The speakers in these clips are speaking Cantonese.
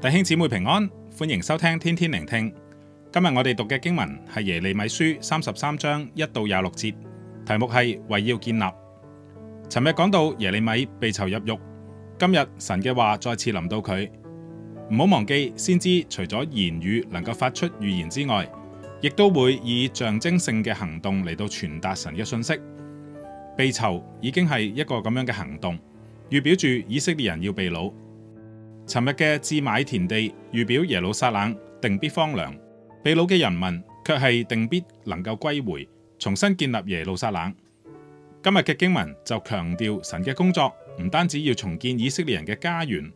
弟兄姊妹平安，歡迎收聽天天靈聽。今日我哋讀嘅經文係耶利米書三十三章一到廿六節，題目係為要建立。尋日講到耶利米被囚入獄，今日神嘅話再次臨到佢。唔好忘記，先知除咗言語能夠發出預言之外，亦都會以象徵性嘅行動嚟到傳達神嘅信息。被囚已經係一個咁樣嘅行動，預表住以色列人要被擄。昨日嘅置買田地，預表耶路撒冷定必荒涼，被擄嘅人民卻係定必能夠歸回，重新建立耶路撒冷。今日嘅經文就強調神嘅工作唔單止要重建以色列人嘅家園，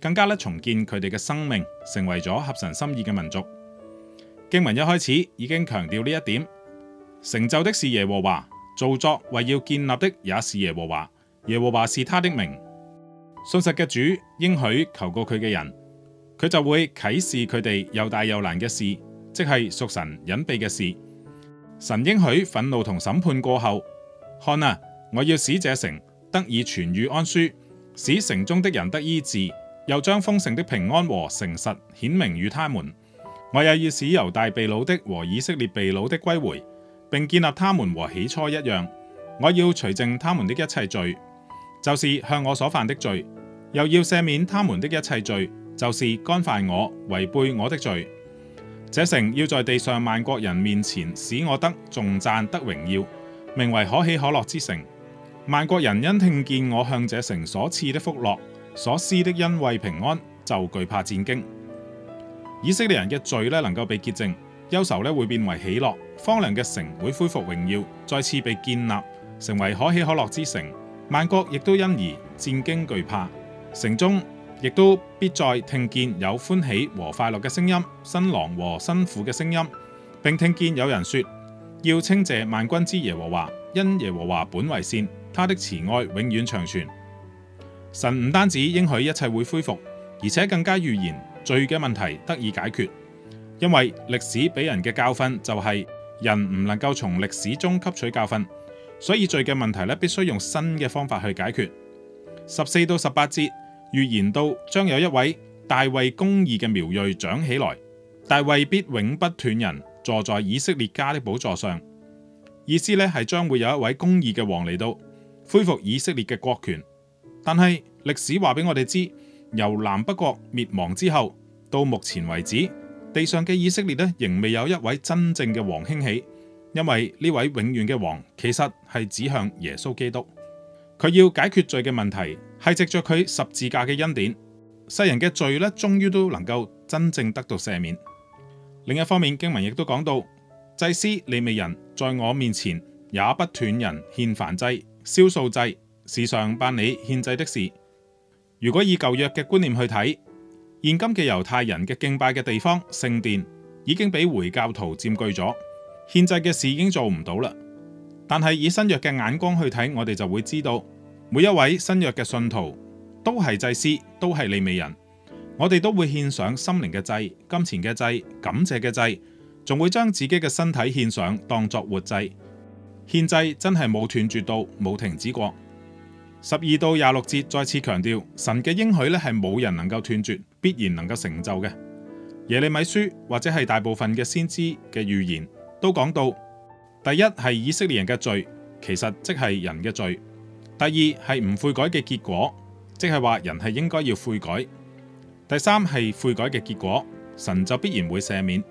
更加咧重建佢哋嘅生命，成為咗合神心意嘅民族。經文一開始已經強調呢一點：成就的是耶和華，造作、為要建立的也是耶和華，耶和華是他的名。信實嘅主應許求過佢嘅人，佢就會啟示佢哋又大又難嘅事，即係屬神隱秘嘅事。神應許憤怒同審判過後，看啊，我要使這城得以痊癒安舒，使城中的人得醫治，又將豐盛的平安和誠實顯明與他們。我也要使猶大被擄的和以色列被擄的歸回，並建立他們和起初一樣。我要除淨他們的一切罪，就是向我所犯的罪。又要赦免他們的一切罪，就是干犯我、違背我的罪。這城要在地上萬國人面前使我得頌讚，得榮耀，名為可喜可樂之城。萬國人因聽見我向這城所賜的福樂、所施的恩惠、平安，就懼怕戰兢。以色列人嘅罪呢能夠被潔淨，憂愁呢會變為喜樂，荒涼嘅城會恢復榮耀，再次被建立成為可喜可樂之城。萬國亦都因而戰兢懼怕。城中亦都必再聽見有歡喜和快樂嘅聲音，新郎和新婦嘅聲音，並聽見有人說要稱謝萬軍之耶和華，因耶和華本為善，他的慈愛永遠長存。神唔單止應許一切會恢復，而且更加預言罪嘅問題得以解決。因為歷史俾人嘅教訓就係人唔能夠從歷史中吸取教訓，所以罪嘅問題咧必須用新嘅方法去解決。十四到十八節。預言到將有一位大衛公義嘅苗裔長起來，大衛必永不斷人坐在以色列家的寶座上。意思咧係將會有一位公義嘅王嚟到，恢復以色列嘅國權。但係歷史話俾我哋知，由南北國滅亡之後到目前為止，地上嘅以色列呢，仍未有一位真正嘅王興起，因為呢位永遠嘅王其實係指向耶穌基督，佢要解決罪嘅問題。係藉着佢十字架嘅恩典，世人嘅罪咧，終於都能夠真正得到赦免。另一方面，經文亦都講到，祭司、利未人在我面前也不斷人獻燔祭、燒素祭，時常辦理獻祭的事。如果以舊約嘅觀念去睇，現今嘅猶太人嘅敬拜嘅地方聖殿已經俾回教徒佔據咗，獻祭嘅事已經做唔到啦。但係以新約嘅眼光去睇，我哋就會知道。每一位新約嘅信徒都係祭司，都係利未人，我哋都會獻上心靈嘅祭、金錢嘅祭、感謝嘅祭，仲會將自己嘅身體獻上當作活祭。獻祭真係冇斷絕到，冇停止過。十二到廿六節再次強調，神嘅應許咧係冇人能夠斷絕，必然能夠成就嘅。耶利米書或者係大部分嘅先知嘅預言都講到，第一係以色列人嘅罪，其實即係人嘅罪。第二係唔悔改嘅結果，即係話人係應該要悔改。第三係悔改嘅結果，神就必然會赦免。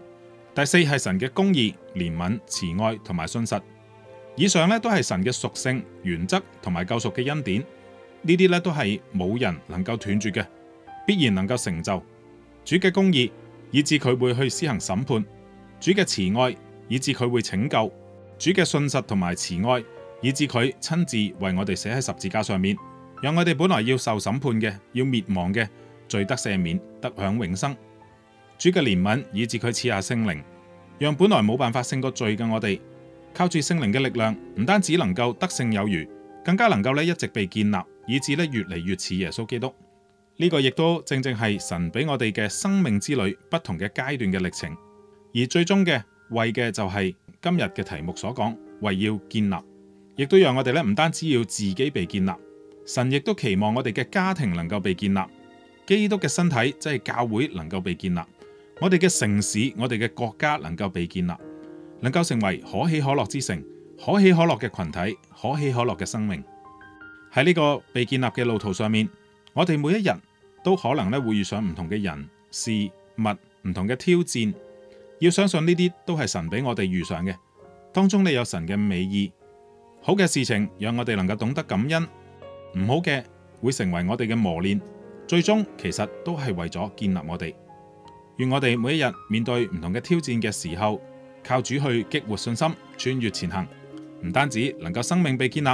第四係神嘅公義、憐憫、慈愛同埋信實。以上呢都係神嘅屬性、原則同埋救贖嘅恩典。呢啲呢都係冇人能夠斷絕嘅，必然能夠成就。主嘅公義，以至佢會去施行審判；主嘅慈愛，以至佢會拯救；主嘅信實同埋慈愛。以至佢親自為我哋寫喺十字架上面，讓我哋本來要受審判嘅，要滅亡嘅，罪得赦免，得享永生。主嘅憐憫以致佢賜下聖靈，讓本來冇辦法勝過罪嘅我哋，靠住聖靈嘅力量，唔單止能夠得勝有餘，更加能夠咧一直被建立，以致咧越嚟越似耶穌基督。呢、這個亦都正正係神俾我哋嘅生命之旅不同嘅階段嘅歷程，而最終嘅為嘅就係今日嘅題目所講，為要建立。亦都讓我哋咧，唔單止要自己被建立，神亦都期望我哋嘅家庭能夠被建立，基督嘅身體即係、就是、教會能夠被建立，我哋嘅城市、我哋嘅國家能夠被建立，能夠成為可喜可樂之城、可喜可樂嘅群體、可喜可樂嘅生命。喺呢個被建立嘅路途上面，我哋每一日都可能咧會遇上唔同嘅人事物、唔同嘅挑戰，要相信呢啲都係神俾我哋遇上嘅，當中你有神嘅美意。好嘅事情讓我哋能夠懂得感恩，唔好嘅會成為我哋嘅磨練，最終其實都係為咗建立我哋。願我哋每一日面對唔同嘅挑戰嘅時候，靠主去激活信心，穿越前行。唔單止能夠生命被建立，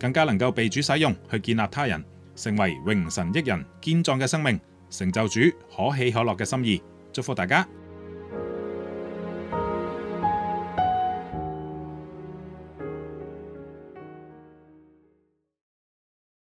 更加能夠被主使用去建立他人，成為榮神益人堅壯嘅生命，成就主可喜可樂嘅心意。祝福大家。